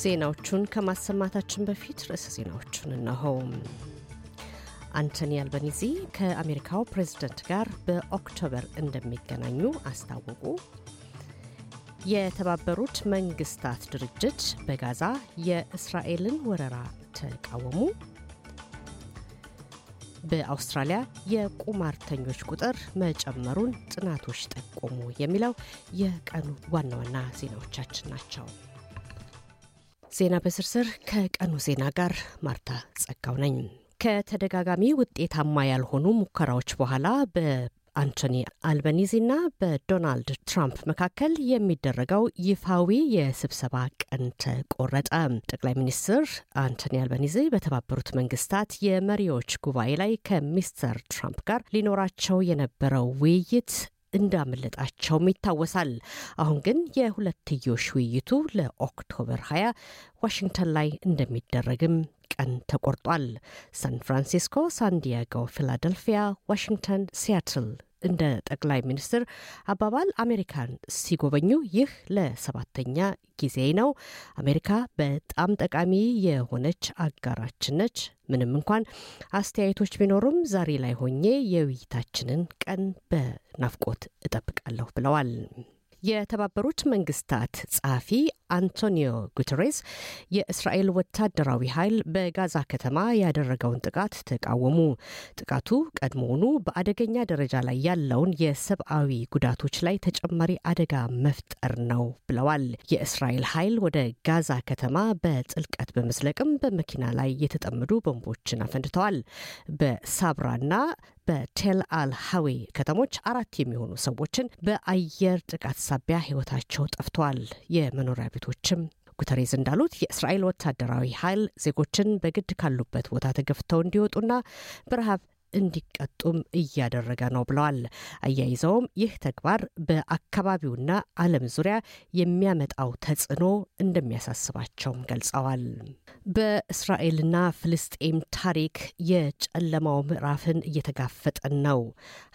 ዜናዎቹን ከማሰማታችን በፊት ርዕሰ ዜናዎቹን እነሆ አንቶኒ አልበኒዚ ከአሜሪካው ፕሬዝደንት ጋር በኦክቶበር እንደሚገናኙ አስታወቁ። የተባበሩት መንግስታት ድርጅት በጋዛ የእስራኤልን ወረራ ተቃወሙ። በአውስትራሊያ የቁማርተኞች ቁጥር መጨመሩን ጥናቶች ጠቆሙ። የሚለው የቀኑ ዋና ዋና ዜናዎቻችን ናቸው። ዜና በዝርዝር ከቀኑ ዜና ጋር ማርታ ጸጋው ነኝ። ከተደጋጋሚ ውጤታማ ያልሆኑ ሙከራዎች በኋላ በ አንቶኒ ና በዶናልድ ትራምፕ መካከል የሚደረገው ይፋዊ የስብሰባ ቀን ተቆረጠ። ጠቅላይ ሚኒስትር አንቶኒ አልበኒዚ በተባበሩት መንግስታት የመሪዎች ጉባኤ ላይ ከሚስተር ትራምፕ ጋር ሊኖራቸው የነበረው ውይይት እንዳመለጣቸውም ይታወሳል። አሁን ግን የሁለትዮሽ ውይይቱ ለኦክቶበር 20 ዋሽንግተን ላይ እንደሚደረግም ቀን ተቆርጧል። ሳን ፍራንሲስኮ፣ ሳንዲያጎ፣ ፊላደልፊያ፣ ዋሽንግተን፣ ሲያትል እንደ ጠቅላይ ሚኒስትር አባባል አሜሪካን ሲጎበኙ ይህ ለሰባተኛ ጊዜ ነው። አሜሪካ በጣም ጠቃሚ የሆነች አጋራችን ነች። ምንም እንኳን አስተያየቶች ቢኖሩም ዛሬ ላይ ሆኜ የውይይታችንን ቀን በናፍቆት እጠብቃለሁ ብለዋል። የተባበሩት መንግስታት ጸሐፊ አንቶኒዮ ጉተሬስ የእስራኤል ወታደራዊ ኃይል በጋዛ ከተማ ያደረገውን ጥቃት ተቃወሙ። ጥቃቱ ቀድሞውኑ በአደገኛ ደረጃ ላይ ያለውን የሰብአዊ ጉዳቶች ላይ ተጨማሪ አደጋ መፍጠር ነው ብለዋል። የእስራኤል ኃይል ወደ ጋዛ ከተማ በጥልቀት በመዝለቅም በመኪና ላይ የተጠመዱ ቦምቦችን አፈንድተዋል። በሳብራና በቴል አል ሀዊ ከተሞች አራት የሚሆኑ ሰዎችን በአየር ጥቃት ሳቢያ ህይወታቸው ጠፍተዋል። የመኖሪያ ቤቶችም ጉተሬዝ እንዳሉት የእስራኤል ወታደራዊ ኃይል ዜጎችን በግድ ካሉበት ቦታ ተገፍተው እንዲወጡና በረሃብ እንዲቀጡም እያደረገ ነው ብለዋል። አያይዘውም ይህ ተግባር በአካባቢውና ዓለም ዙሪያ የሚያመጣው ተጽዕኖ እንደሚያሳስባቸውም ገልጸዋል። በእስራኤልና ፍልስጤም ታሪክ የጨለማው ምዕራፍን እየተጋፈጠን ነው።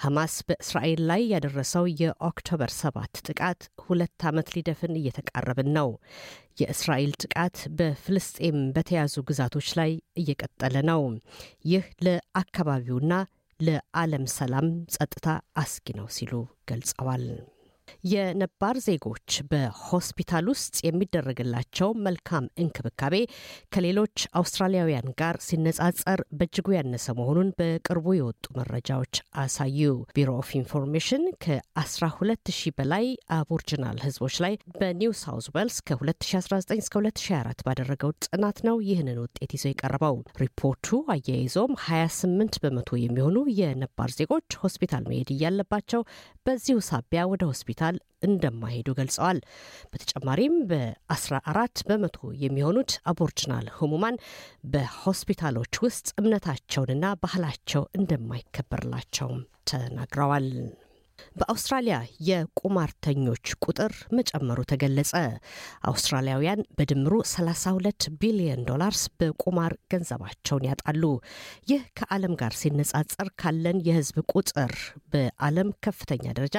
ሐማስ በእስራኤል ላይ ያደረሰው የኦክቶበር ሰባት ጥቃት ሁለት ዓመት ሊደፍን እየተቃረብን ነው። የእስራኤል ጥቃት በፍልስጤም በተያዙ ግዛቶች ላይ እየቀጠለ ነው። ይህ ለአካባቢው ለዓለም ሰላም ጸጥታ አስጊ ነው ሲሉ ገልጸዋል። የነባር ዜጎች በሆስፒታል ውስጥ የሚደረግላቸው መልካም እንክብካቤ ከሌሎች አውስትራሊያውያን ጋር ሲነጻጸር በእጅጉ ያነሰ መሆኑን በቅርቡ የወጡ መረጃዎች አሳዩ። ቢሮ ኦፍ ኢንፎርሜሽን ከ12 በላይ አቦርጅናል ህዝቦች ላይ በኒው ሳውዝ ዌልስ ከ2019 እስከ 2024 ባደረገው ጥናት ነው ይህንን ውጤት ይዞ የቀረበው። ሪፖርቱ አያይዞም 28 በመቶ የሚሆኑ የነባር ዜጎች ሆስፒታል መሄድ እያለባቸው በዚሁ ሳቢያ ወደ ሆስፒታል ሆስፒታል እንደማይሄዱ ገልጸዋል። በተጨማሪም በ14 በመቶ የሚሆኑት አቦርጅናል ህሙማን በሆስፒታሎች ውስጥ እምነታቸውንና ባህላቸው እንደማይከበርላቸውም ተናግረዋል። በአውስትራሊያ የቁማርተኞች ቁጥር መጨመሩ ተገለጸ። አውስትራሊያውያን በድምሩ 32 ቢሊዮን ዶላርስ በቁማር ገንዘባቸውን ያጣሉ። ይህ ከዓለም ጋር ሲነጻጸር ካለን የሕዝብ ቁጥር በዓለም ከፍተኛ ደረጃ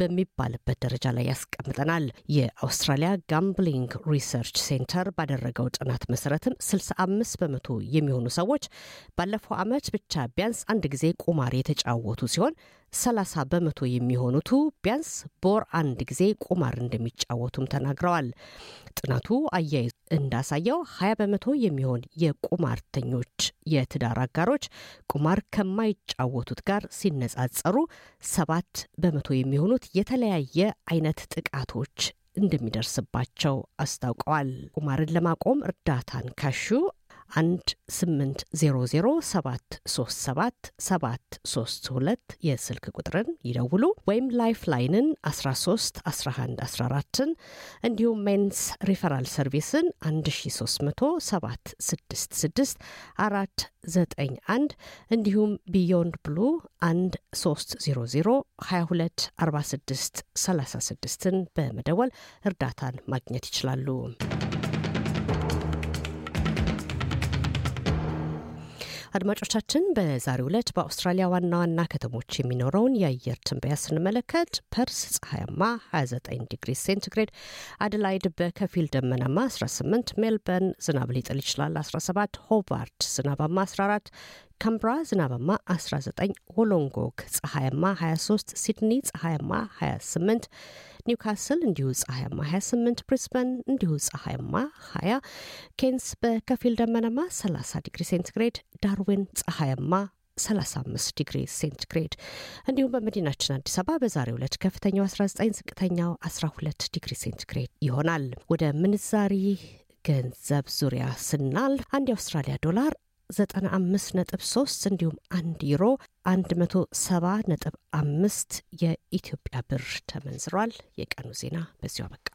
በሚባልበት ደረጃ ላይ ያስቀምጠናል። የአውስትራሊያ ጋምብሊንግ ሪሰርች ሴንተር ባደረገው ጥናት መሰረትም 65 በመቶ የሚሆኑ ሰዎች ባለፈው ዓመት ብቻ ቢያንስ አንድ ጊዜ ቁማር የተጫወቱ ሲሆን 30 በመቶ የሚሆኑቱ ቢያንስ በወር አንድ ጊዜ ቁማር እንደሚጫወቱም ተናግረዋል። ጥናቱ አያይ እንዳሳየው 20 በመቶ የሚሆን የቁማርተኞች የትዳር አጋሮች ቁማር ከማይጫወቱት ጋር ሲነጻጸሩ ሰባት በመቶ የሚሆኑት የተለያየ አይነት ጥቃቶች እንደሚደርስባቸው አስታውቀዋል። ቁማርን ለማቆም እርዳታን ካሹ 1800737772 የስልክ ቁጥርን ይደውሉ ወይም ላይፍ ላይንን 13 11 14 እንዲሁም ሜንስ ሪፈራል ሰርቪስን 13766 491 እንዲሁም ቢዮንድ ብሉ 1 300 22 36ን በመደወል እርዳታን ማግኘት ይችላሉ። አድማጮቻችን በዛሬው ዕለት በአውስትራሊያ ዋና ዋና ከተሞች የሚኖረውን የአየር ትንበያ ስንመለከት ፐርስ ፀሐያማ 29 ዲግሪ ሴንቲግሬድ፣ አደላይድ በከፊል ደመናማ 18፣ ሜልበርን ዝናብ ሊጥል ይችላል 17፣ ሆባርት ዝናባማ 14 ካምብራ ዝናባማ 19፣ ወሎንጎክ ፀሐያማ 23፣ ሲድኒ ፀሐያማ 28፣ ኒውካስል እንዲሁ ፀሐያማ 28፣ ብሪስበን እንዲሁ ፀሐያማ 20፣ ኬንስ በከፊል ደመናማ 30 ዲግሪ ሴንቲግሬድ፣ ዳርዊን ፀሐያማ 35 ዲግሪ ሴንቲግሬድ እንዲሁም በመዲናችን አዲስ አበባ በዛሬ ሁለት ከፍተኛው 19 ዝቅተኛው 12 ዲግሪ ሴንቲግሬድ ይሆናል። ወደ ምንዛሪ ገንዘብ ዙሪያ ስናል አንድ የአውስትራሊያ ዶላር 95.3 እንዲሁም 1 ዩሮ 170.5 የኢትዮጵያ ብር ተመንዝሯል። የቀኑ ዜና በዚሁ አበቃ።